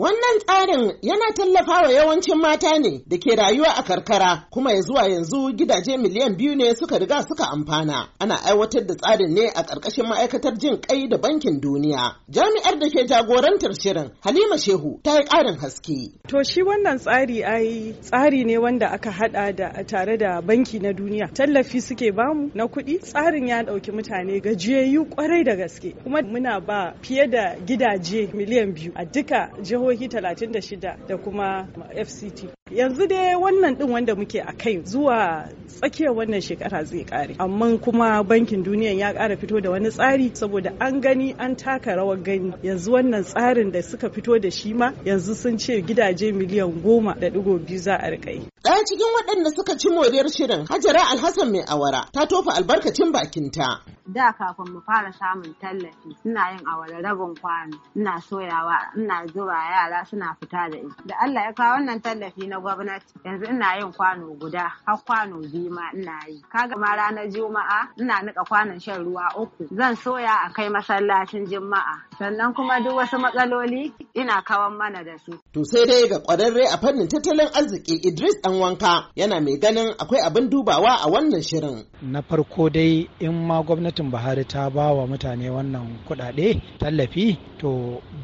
Wannan tsarin yana tallafa wa yawancin mata ne da ke rayuwa a karkara kuma ya zuwa yanzu gidaje miliyan biyu ne suka riga suka amfana. Ana aiwatar da tsarin ne a ƙarƙashin ma'aikatar jin ƙai da bankin duniya. Jami'ar da ke jagorantar shirin Halima Shehu ta yi ƙarin haske. To shi wannan tsari ai tsari ne wanda aka haɗa da tare da banki na duniya. Tallafi suke bamu na kuɗi. Tsarin ya ɗauki mutane gajiyayyu kwarai da gaske. Kuma muna ba fiye da gidaje miliyan biyu a duka jihohi jihohi 36 da kuma FCT. Yanzu dai wannan din wanda muke a kai zuwa tsakiyar wannan shekara zai kare amma kuma bankin duniya ya kara fito da wani tsari saboda an gani an taka rawar gani yanzu wannan tsarin da suka fito da shi ma yanzu sun ce gidaje miliyan goma da digo biyu za a rika yi Daya cikin waɗanda suka ci moriyar shirin Hajara Alhassan mai awara ta tofa albarkacin bakinta. Da kafin mu fara samun tallafi suna yin awara rabin kwano ina soyawa ina zuba yara suna fita da ita. Da Allah ya kawo wannan tallafi na gwamnati yanzu ina yin kwano guda har kwano biyu. biyu ma ina yi kaga ma ranar juma'a ina nika kwanon shan ruwa uku zan soya a kai masallacin juma'a sannan kuma duk wasu matsaloli ina kawan mana da su to sai dai ga ƙwararre a fannin tattalin arziki Idris dan wanka yana mai ganin akwai abin dubawa a wannan shirin na farko dai in ma gwamnatin Buhari ta ba wa mutane wannan kuɗaɗe tallafi to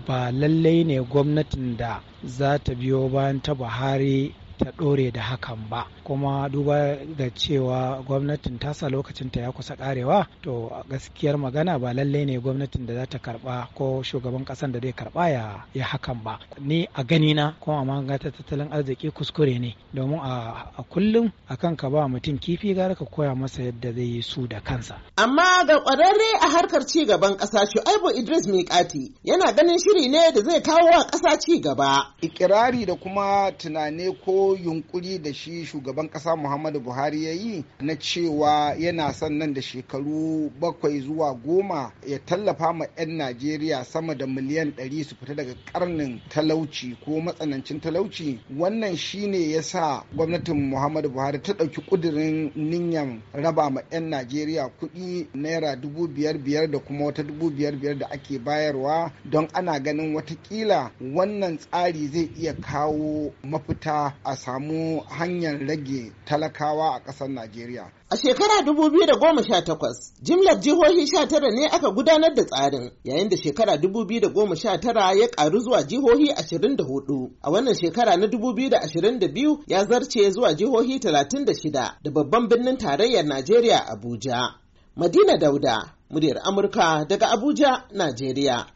ba lallai ne gwamnatin da za ta biyo bayan ta Buhari ta ɗore da hakan ba kuma duba da cewa gwamnatin tasa lokacin ta ya kusa karewa to gaskiyar magana ba lallai ne gwamnatin da za ta karba ko shugaban ƙasan da zai karɓa ya, ya hakan ba ni a gani na kuma amma ta tattalin arziki kuskure ne domin a kullum a kan ka ba mutum kifi gara ka koya masa yadda zai yi su da kansa amma ga kwararre a harkar ci gaban ƙasa Shu'aibu Idris Mikati yana ganin shiri ne da zai kawo wa ƙasa ci gaba ikirari da kuma tunane ko ko yunkuri da shi shugaban ƙasa muhammadu buhari ya yi na cewa yana son nan da shekaru bakwai zuwa goma ya tallafa ma 'yan najeriya sama da miliyan 100 su fita daga karnin talauci ko matsanancin talauci wannan shine ya sa gwamnatin muhammadu buhari ta ɗauki ƙudurin niyyar raba ma 'yan najeriya kuɗi naira dubu biyar biyar da kuma wata dubu biyar biyar da ake bayarwa don ana ganin watakila wannan tsari zai iya kawo mafita a a samu hanyar rage talakawa a ƙasar Najeriya. A shekara 2018, jimlar jihohi 19 ne aka gudanar da tsarin, yayin da shekara 2019 ya ƙaru zuwa jihohi 24. A wannan shekara na 2022 ya zarce zuwa jihohi 36 da babban birnin tarayyar Najeriya Abuja. Madina Dauda, muryar Amurka daga Abuja, Najeriya.